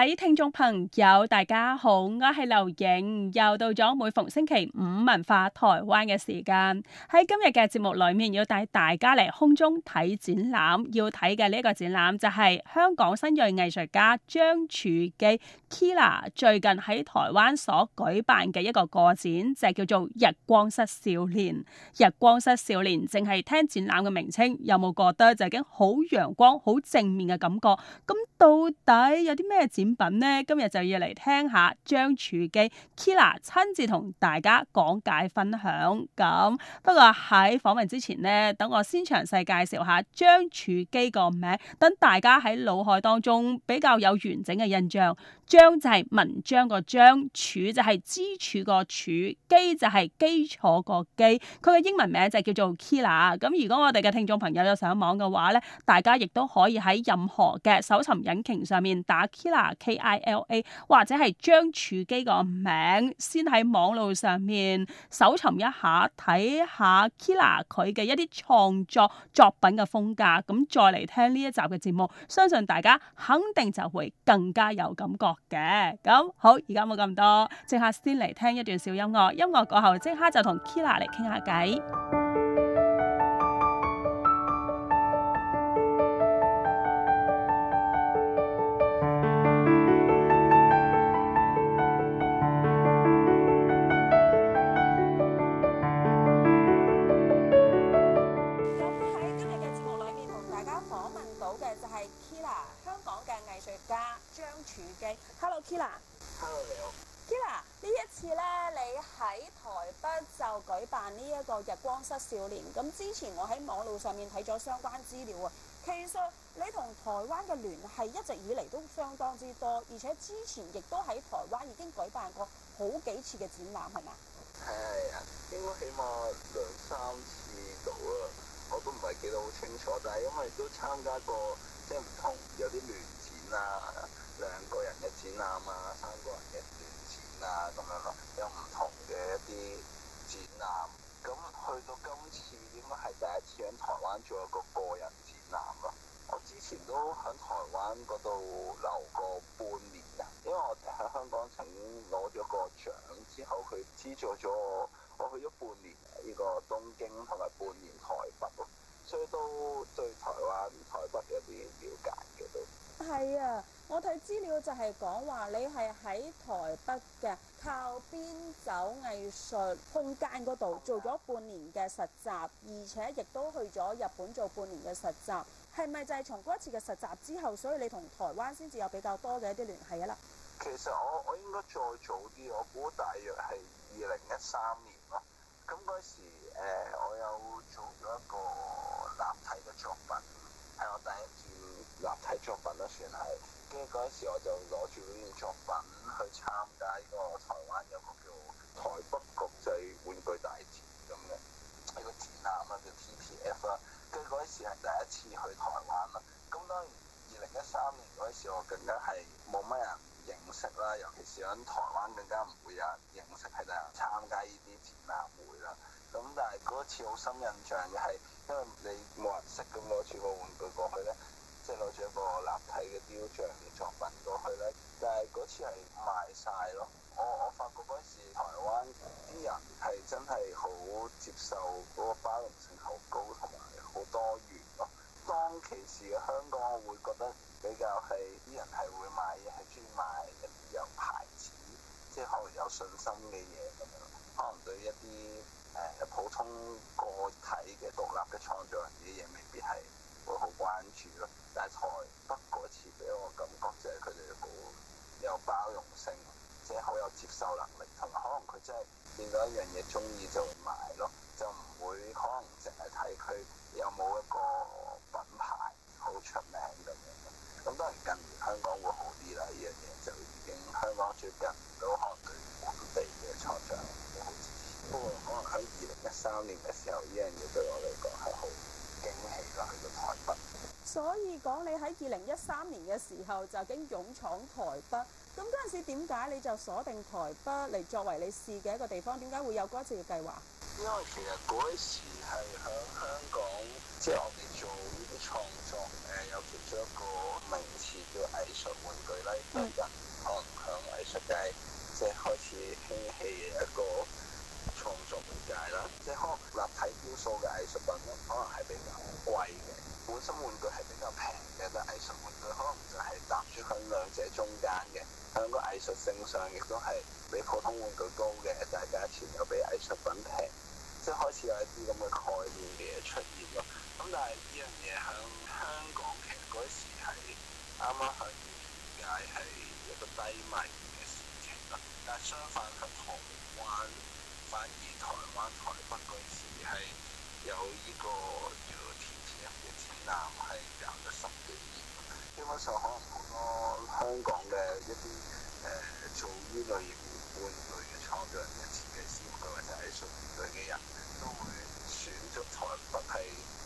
各位聽眾朋友，大家好，我係劉瑩，又到咗每逢星期五文化台灣嘅時間。喺今日嘅節目裏面，要帶大家嚟空中睇展覽，要睇嘅呢一個展覽就係香港新銳藝術家章柱基。Kina 最近喺台灣所舉辦嘅一個個展，就是，叫做《日光室少年》。《日光室少年》淨係聽展覽嘅名稱，有冇覺得就已經好陽光、好正面嘅感覺？咁到底有啲咩展品呢？今日就要嚟聽下章柱基 Kila 親自同大家講解分享。咁不過喺訪問之前呢，等我先詳細介紹下章柱基個名，等大家喺腦海當中比較有完整嘅印象。章就係文章個章，柱就係支柱個柱，基就係基礎個基。佢嘅英文名就叫做 Kila。咁如果我哋嘅聽眾朋友有上網嘅話咧，大家亦都可以喺任何嘅搜尋引擎上面打 Kila K I L A，或者係章柱基個名，先喺網路上面搜尋一下，睇下 Kila 佢嘅一啲創作作品嘅風格，咁再嚟聽呢一集嘅節目，相信大家肯定就會更加有感覺。嘅咁 好，而家冇咁多，即刻先嚟聽一段小音樂。音樂過後，即刻就同 Kira 嚟傾下偈。少年，咁之前我喺網路上面睇咗相關資料啊，其實你同台灣嘅聯繫一直以嚟都相當之多，而且之前亦都喺台灣已經舉辦過好幾次嘅展覽，係咪？係啊，應該起碼兩三次到啦，我都唔係記得好清楚，但係因為都參加過即係唔同有啲聯展啊，兩個人嘅展覽啊，三個人嘅聯展啊咁樣咯，有唔同嘅一啲展覽。咁去到今次，應該係第一次喺台灣做一個個人展覽咯。我之前都喺台灣嗰度留過半年啊，因為我喺香港請攞咗個獎之後，佢資助咗我去咗半年呢個東京同埋半年台北咯，所以都對台灣台北嘅一啲了解。係啊，我睇資料就係講話你係喺台北嘅，靠邊走藝術空間嗰度做咗半年嘅實習，而且亦都去咗日本做半年嘅實習。係咪就係從嗰一次嘅實習之後，所以你同台灣先至有比較多嘅一啲聯繫啊？啦，其實我我應該再早啲，我估大約係二零一三年咯。咁嗰時，呃，我有做咗一個立體嘅作品，係我第一次。立體作品咯，算係。跟住嗰陣時，我就攞住呢件作品去參加呢個台灣有個叫台北國際玩具大展咁嘅一個展覽啦，叫 TTF 啦。跟住嗰陣時係第一次去台灣啦。咁當然二零一三年嗰陣時，我更加係冇乜人認識啦，尤其是響台灣更加唔會有人認識係大人參加呢啲展覽會啦。咁但係嗰次好深印象嘅係，因為你冇人識，咁攞住個玩具過去咧。即係攞咗一個立體嘅雕像嘅作品過去咧，就係嗰次係賣晒咯。我我發覺嗰時台灣啲人係真係好接受，嗰個包容性好高，同埋好多元咯。當其時嘅香港，我會覺得比較係啲人係會買嘢係專買一啲有牌子，即係可能有信心嘅嘢咁樣。可能對一啲誒、呃、普通個體嘅獨立嘅創作人啲嘢，未必係會好關注咯，但係台北嗰次俾我感覺就係佢哋好有包容性，即係好有接受能力，同埋可能佢真係見到一樣嘢中意就會買咯，就唔會可能淨係睇佢有冇一個品牌好出名咁樣。咁當然近年香港會好啲啦，呢樣嘢就已經香港接納到可能對本地嘅創作，好嗯、不過可能喺二零一三年嘅時候，呢樣嘢對我嚟講係好。所以講，你喺二零一三年嘅時候就已經勇闖台北，咁嗰陣時點解你就鎖定台北嚟作為你試嘅一個地方？點解會有嗰一次嘅計劃？因為其實嗰時係響香港，即係我哋做呢啲創作誒，有著一個名詞叫藝術玩具咧，可能響藝術界即係開始興起嘅一個創作界啦。即係可能立體雕塑嘅藝術品可能係比較貴嘅。本身玩具係比較平嘅，但藝術玩具可能就係搭住喺兩者中間嘅，喺個藝術性上亦都係比普通玩具高嘅，但係價錢又比藝術品平，即係開始有一啲咁嘅概念嘅嘢出現咯。咁但係呢樣嘢喺香港其實嗰時係啱啱向外界係一個低迷嘅事情，但係相反喺台灣，反而台灣、台北嗰時係有呢個。係搞咗十幾年，基本上可能好多香港嘅一啲誒、呃、做呢類型玩具嘅創作人嘅設計師，或者係藝術類嘅人都會選擇台北係。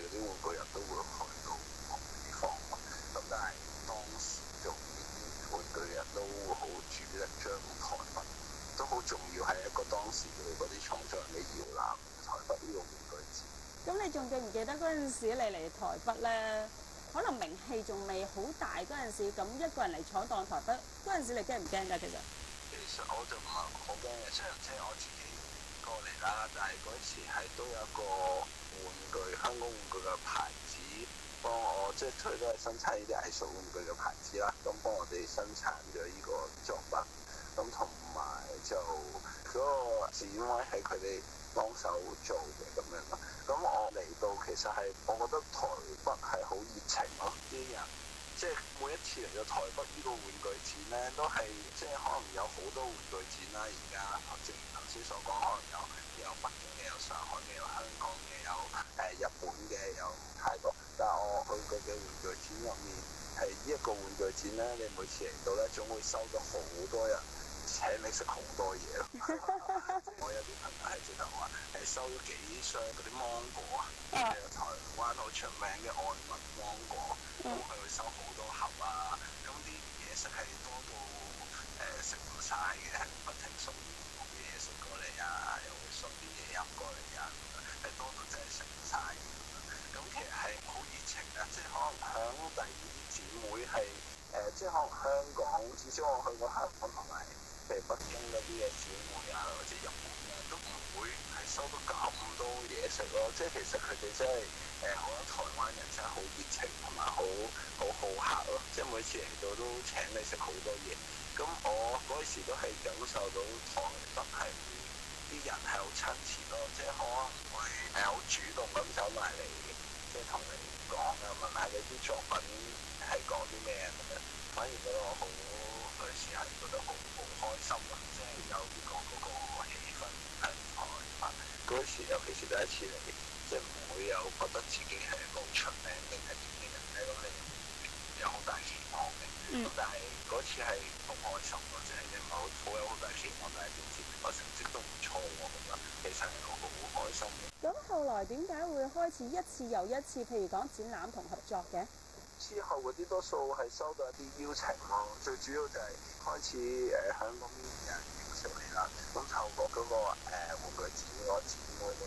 嗰啲換句人都會去到唔同地方，咁但係當時用玩具人都好注重張台北，都好重要，係一個當時佢嗰啲創作人嘅搖籃。你記記你台北呢個名句。咁你仲記唔記得嗰陣時你嚟台北咧？可能名氣仲未好大嗰陣時，咁一個人嚟闖蕩台北嗰陣時你怕怕，你驚唔驚㗎？其實其實我就唔係好驚，雖然即係我自己過嚟啦，但係嗰時係都有一個。玩具香港玩具嘅牌子，幫我即係佢都係生產呢啲藝術玩具嘅牌子啦。咁幫我哋生產咗呢個作品，咁同埋就嗰個展位係佢哋幫手做嘅咁樣咯。咁我嚟到其實係我覺得台北係好熱情咯啲人，即係每一次嚟到台北呢個玩具展咧，都係即係可能有好多玩具展啦，而家。少數講，可能有有北京嘅，有上海嘅，有香港嘅，有誒、呃、日本嘅，有泰國。但係我去過嘅玩具展入面，係呢一個玩具展咧，你每次嚟到咧，總會收到好多人請你食好多嘢咯。 我有啲朋友係直頭話誒收咗幾箱嗰啲芒果啊，誒 Yeah. 台灣好出名嘅愛文芒果，咁佢 Yeah. 會收好多盒啊，咁啲嘢食係多到誒食唔晒嘅，呃、不，清不，清不停送。啊！又會送啲嘢飲過嚟啊！誒多到真係食唔晒咁，其實係好熱情啊！即係可能響第二啲姊妹係誒，即係可能香港至少我去過香港同埋譬如北京嗰啲嘅姊妹啊，或者日本啊，都唔會係收到咁多嘢食咯。即係其實佢哋真係誒，我覺得台灣人真係好熱情同埋好好好客咯。即係每次嚟到都請你食好多嘢。咁我嗰時都係感受到，台北係。啲人係好親切咯，即係可能會誒好主動咁走埋嚟，即係同你講啊，問下你啲作品係講啲咩咁咧，反而覺得我好嗰時係覺得好唔開心啊！即係有見到嗰個氣氛係咁嘛，嗰時尤其是第一次嚟，即係唔會有覺得自己係一個出名定係點嘅人咧咁你。有好大期望嘅，咁但係嗰次係好開心咯，即係唔係好，好有好大期望，但係點知我成績都唔錯喎，咁啊，其實我好開心。嘅、嗯。咁後來點解會開始一次又一次，譬如講展覽同合作嘅？之後嗰啲多數係收到一啲邀請咯，最主要就係開始誒響嗰邊人認識你啦，咁透過嗰個、呃、玩具展嗰展，我哋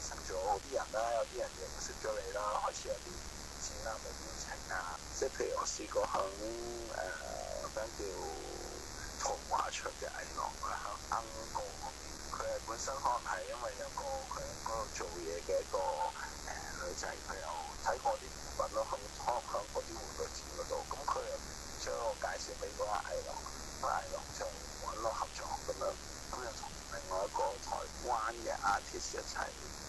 識咗啲人啦，有啲人認識咗你啦，開始有啲。啊，即係譬如我試過喺誒嗰間叫童話場嘅藝廊啦，啱 我樂，佢係本身可能係因為有個佢喺嗰度做嘢嘅一個誒女仔，佢又睇過啲作品咯，去開響嗰啲活動字嗰度，咁佢又將我介紹俾嗰個藝廊，藝廊 班嘅 artist 一齊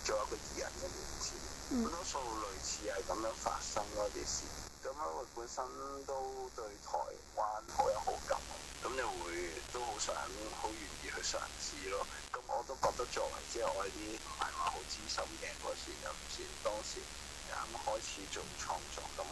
做一個二人嘅聯展，好多數類似係咁樣發生嗰啲事。咁我本身都對台灣好有好感，咁你會都好想、好願意去嘗試咯。咁我都覺得作為即係我啲唔係話好知心嘅歌手，就至當時啱開始做創作，咁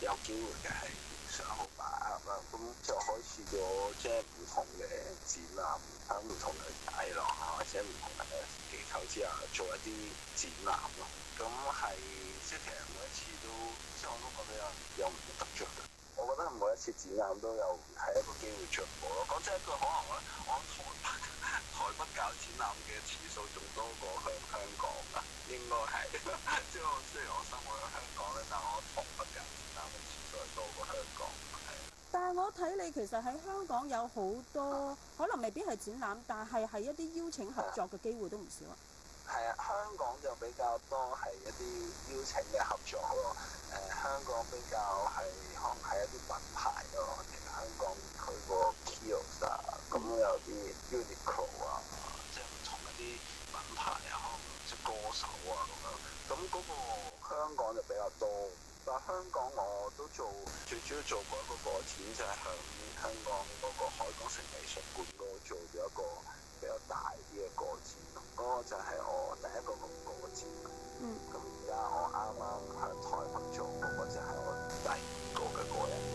有機會嘅係。上好把握啦，咁就開始咗即係唔同嘅展覽，唔同唔同嘅內容啊，或者唔同嘅機構之下做一啲展覽咯。咁係即係每一次都，即係我都覺得有有唔同得着嘅。我覺得每一次展覽都有係一個機會出幕咯。講真一句可能咧，我台北搞展覽嘅次數仲多過喺香港啊，應該係。即係我雖然我生活喺香港咧，但係我台北搞展覽嘅次數多過香港係。但係我睇你其實喺香港有好多可能未必係展覽，但係係一啲邀請合作嘅機會都唔少啊。係啊，香港就比較多係一啲邀請嘅合作咯。誒、呃，香港比較係可能係一啲品牌咯，其實香港佢個 Kiosk 啊，咁有啲 Uniqlo。啲品牌啊，即係歌手啊咁樣，咁嗰個香港就比較多。但香港我都做，最主要做過一個個展，就係響香港嗰個海港城美術館嗰度做咗一個比較大啲嘅個展。嗰個就係我第一個個個展。嗯。咁而家我啱啱響台北做嗰個就係我第二個嘅個展。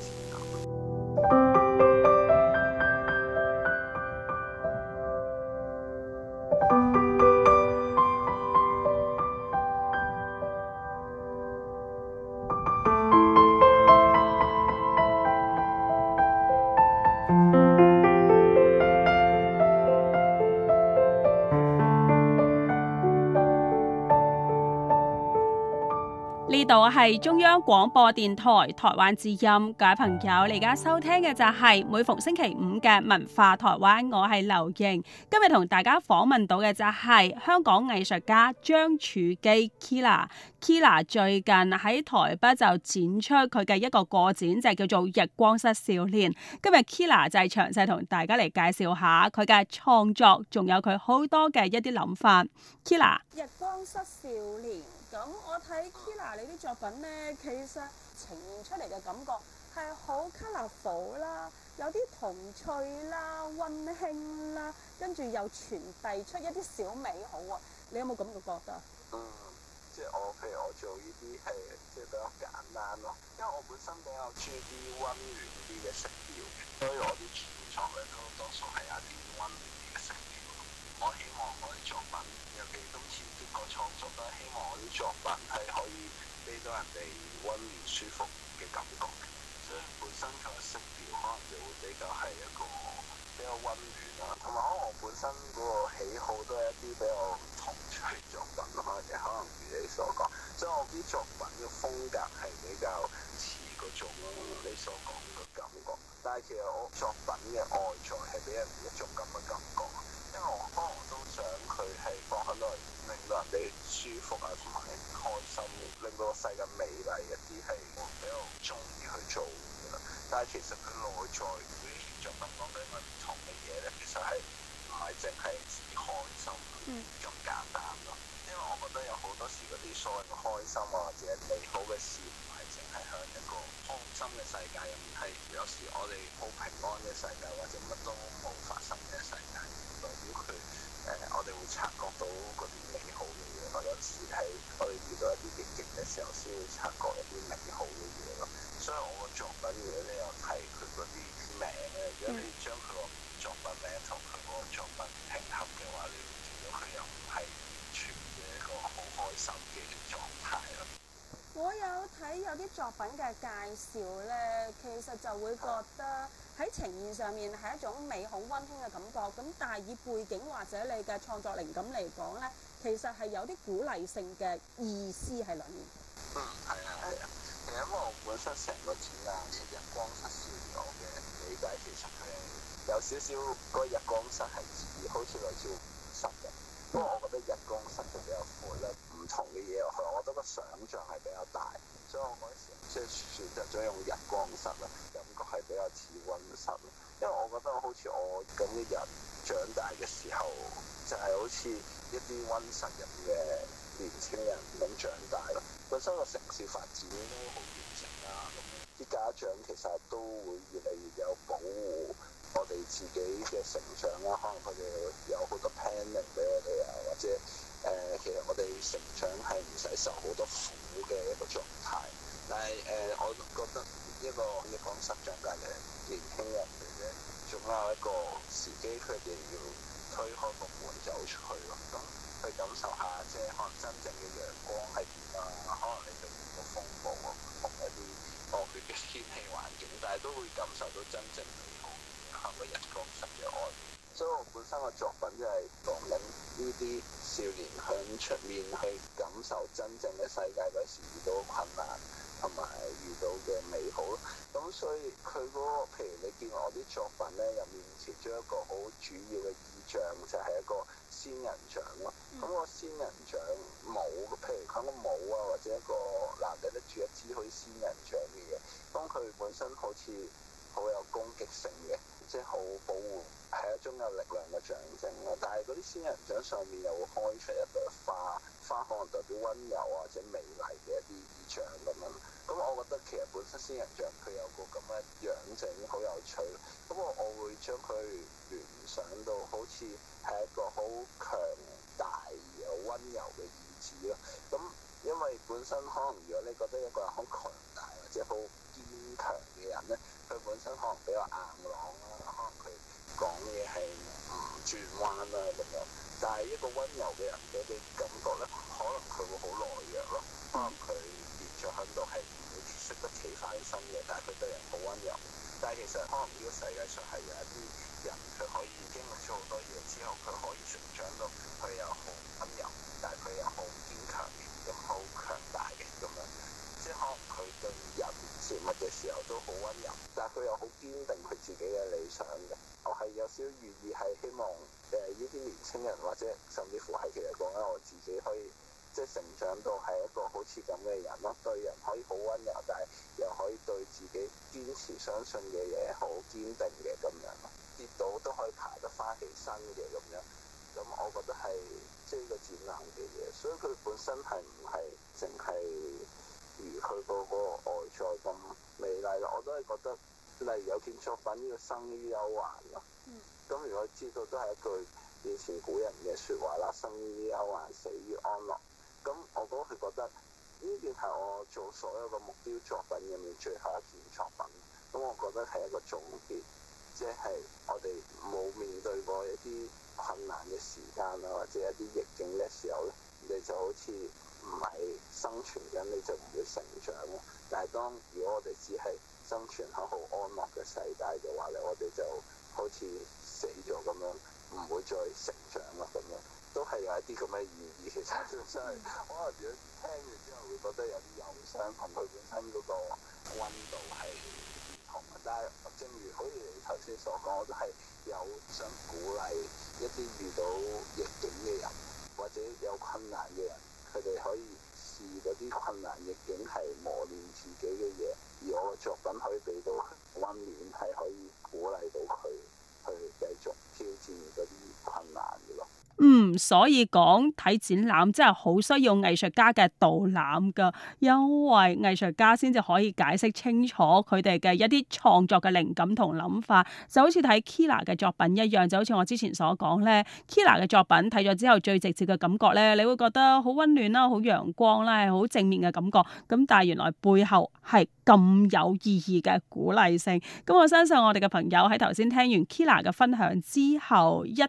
我係中央廣播電台台灣之音。各位朋友，你而家收聽嘅就係每逢星期五嘅文化台灣，我係劉瑩，今日同大家訪問到嘅就係香港藝術家章柱基 Kila Kila，最近喺台北就展出佢嘅一個個展，就係叫做《日光室少年》。今日 Kila 就係詳細同大家嚟介紹下佢嘅創作，仲有佢好多嘅一啲諗法。Kila 日光室少年。咁我睇 Kira 你啲作品咧，其實呈現出嚟嘅感覺係好 colorful 啦，有啲童趣啦、溫馨啦，跟住又傳遞出一啲小美好啊！你有冇咁嘅覺得？嗯，即係我，譬如我做呢啲係即係比較簡單咯，因為我本身比較中意啲溫暖啲嘅色調，所以我啲創作咧都多數係有啲溫暖啲嘅色調。我希望我啲作品有幾多次。我創作咧，希望我啲作品係可以俾到人哋溫暖舒服嘅感覺。所以本身佢嘅色調可能就會比較係一個比較溫暖啦，同埋可能我本身嗰個喜好都係一啲比較童趣作品啊嘛，亦可能如你所講。所以我啲作品嘅風格係比較似嗰種你所講嘅感覺。但係其實我作品嘅外在係俾人一種咁嘅感覺。因為我都想佢係幫很多人，令到人哋舒服啊，同埋開心，令到個世界美麗一啲，係我比較中意去做嘅。但係其實佢內在做咁多唔同嘅嘢咧，其實係唔係淨係自己開心咁簡單咯。因為我覺得有好多時嗰啲所謂嘅開心啊，或者美好嘅事。向一個空心嘅世界入面，係有時我哋好平安嘅世界，或者乜都冇發生嘅世界，代表佢誒，我哋會察覺到嗰啲美好嘅嘢，或者只係我哋遇到一啲逆境嘅時候先會察覺一啲美好嘅嘢咯。所以我作品嘅，你有睇佢嗰啲名咧，如果你將佢個作品名同佢個作品結合嘅話，你會見到佢又唔係完全嘅一個好開心嘅創作。我有睇有啲作品嘅介紹咧，其實就會覺得喺情義上面係一種美好温馨嘅感覺。咁但係以背景或者你嘅創作靈感嚟講咧，其實係有啲鼓勵性嘅意思喺裏面。嗯，係啊，係啊，啊，因為我本身成個主題係日光室少年嘅理解，其實係有少少嗰個日光室係好似類似少咗。不過我覺得日光室就比較闊啦，唔同嘅嘢，去。我覺得個想像係比較大，所以我嗰時即係選擇咗用日光室啦，感覺係比較似温室咯。因為我覺得好似我咁啲人長大嘅時候，就係、是、好似一啲温室人嘅年青人咁長大。本身個城市發展都好完整啊，啲家長其實都會越嚟越有保護。我哋自己嘅成長啦，可能佢哋有好多 planning 俾我哋啊，或者誒、呃，其實我哋成長係唔使受好多苦嘅一個狀態。但係誒、呃，我覺得一個你講失業嘅年輕人嚟嘅，仲有一個時機，佢哋要推開個門走出去咯，咁去感受下，即係可能真正嘅陽光係點啊，可能你遇到風暴啊，同一啲惡劣嘅天氣環境，但係都會感受到真正陽光曬嘅愛，所以我本身個作品就係講緊呢啲少年響出面去感受真正嘅世界嗰時遇到困難，同埋遇到嘅美好咯。咁所以佢嗰、那個，譬如你見我啲作品咧，入面設咗一個好主要嘅意象就係、是、一個仙人掌咯。咁個仙人掌冇，譬如佢個帽啊，或者一個男仔頂得，得住一支好似仙人掌嘅嘢，咁佢本身好似好有攻擊性嘅。中有力量嘅象徵咯，但係嗰啲仙人掌上面又會開出一朵花，花可能代表溫柔或者美麗嘅一啲意象咁樣。咁我覺得其實本身仙人掌佢有個咁嘅樣整好有趣，咁我我會將佢聯想到好似係一個好強大而又溫柔嘅意志咯。咁因為本身可能如果你覺得一個人好強大或者好堅強嘅人咧，佢本身可能比較硬朗啦，可能佢。講嘢係唔轉彎啦咁樣，但係一個温柔嘅人啲感覺咧，可能佢會好懦弱咯，可能佢變咗響度係唔會輸得起翻啲新嘢，但係佢對人好温柔。但係其實可能呢個世界上係有一啲人，佢可以經歷咗好多嘢之後，佢可以成長到佢又好温柔，但係佢又好堅強，咁好強大嘅咁樣，即係可能佢對人。做乜嘅時候都好温柔，但係佢又好堅定佢自己嘅理想嘅。我係有少少願意係希望，誒呢啲年輕人或者甚至乎係其實講緊我自己，可以即係成長到係一個好似咁嘅人咯。對人可以好温柔，但係又可以對自己堅持相信嘅嘢好堅定嘅咁樣咯。跌到都可以爬得翻起身嘅咁樣，咁我覺得係即係呢個展覽嘅嘢。所以佢本身係唔係淨係？佢個個外在咁美麗咯，我都係覺得，例如有件作品叫生於憂患咯，咁、嗯、如果知道都係一句以前古人嘅説話啦，生於憂患，死於安樂。咁我都得佢覺得呢件係我做所有嘅目標作品入面最後一件作品，咁我覺得係一個總結，即、就、係、是、我哋冇面對過一啲困難嘅時間啦，或者一啲逆境嘅時候咧，你就好似～唔係生存緊你就唔會成長咯。但係當如果我哋只係生存喺好安樂嘅世界嘅話咧，我哋就好似死咗咁樣，唔會再成長喇咁樣，都係有一啲咁嘅意義。其實真係可能如果聽完之後會覺得有啲憂傷同佢本身嗰個温度係唔同啊。但係正如好似你頭先所講，我都係有想鼓勵一啲遇到逆境嘅人，或者有困難嘅人。佢哋可以試啲困難，逆境係磨練自己嘅嘢，而我嘅作品可以俾到温暖，係可以鼓勵。嗯，所以講睇展覽真係好需要藝術家嘅導覽噶，因為藝術家先至可以解釋清楚佢哋嘅一啲創作嘅靈感同諗法，就好似睇 Kila 嘅作品一樣，就好似我之前所講咧，Kila 嘅作品睇咗之後，最直接嘅感覺咧，你會覺得好溫暖啦，好陽光啦，好正面嘅感覺。咁但係原來背後係咁有意義嘅鼓勵性。咁我相信我哋嘅朋友喺頭先聽完 Kila 嘅分享之後一。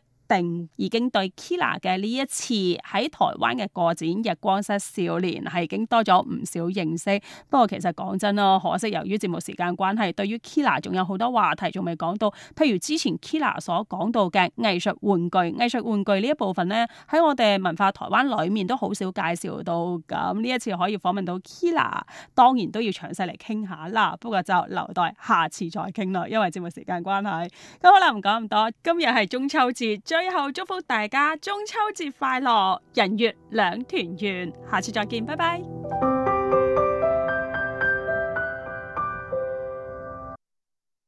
已經對 Kila 嘅呢一次喺台灣嘅個展《日光室少年》係已經多咗唔少認識。不過其實講真咯，可惜由於節目時間關係，對於 Kila 仲有好多話題仲未講到，譬如之前 Kila 所講到嘅藝術玩具、藝術玩具呢一部分呢，喺我哋文化台灣裏面都好少介紹到。咁呢一次可以訪問到 Kila，當然都要詳細嚟傾下啦。不過就留待下次再傾啦，因為節目時間關係。咁好啦，唔講咁多。今日係中秋節，將最後祝福大家中秋節快樂，人月兩團圓。下次再見，拜拜。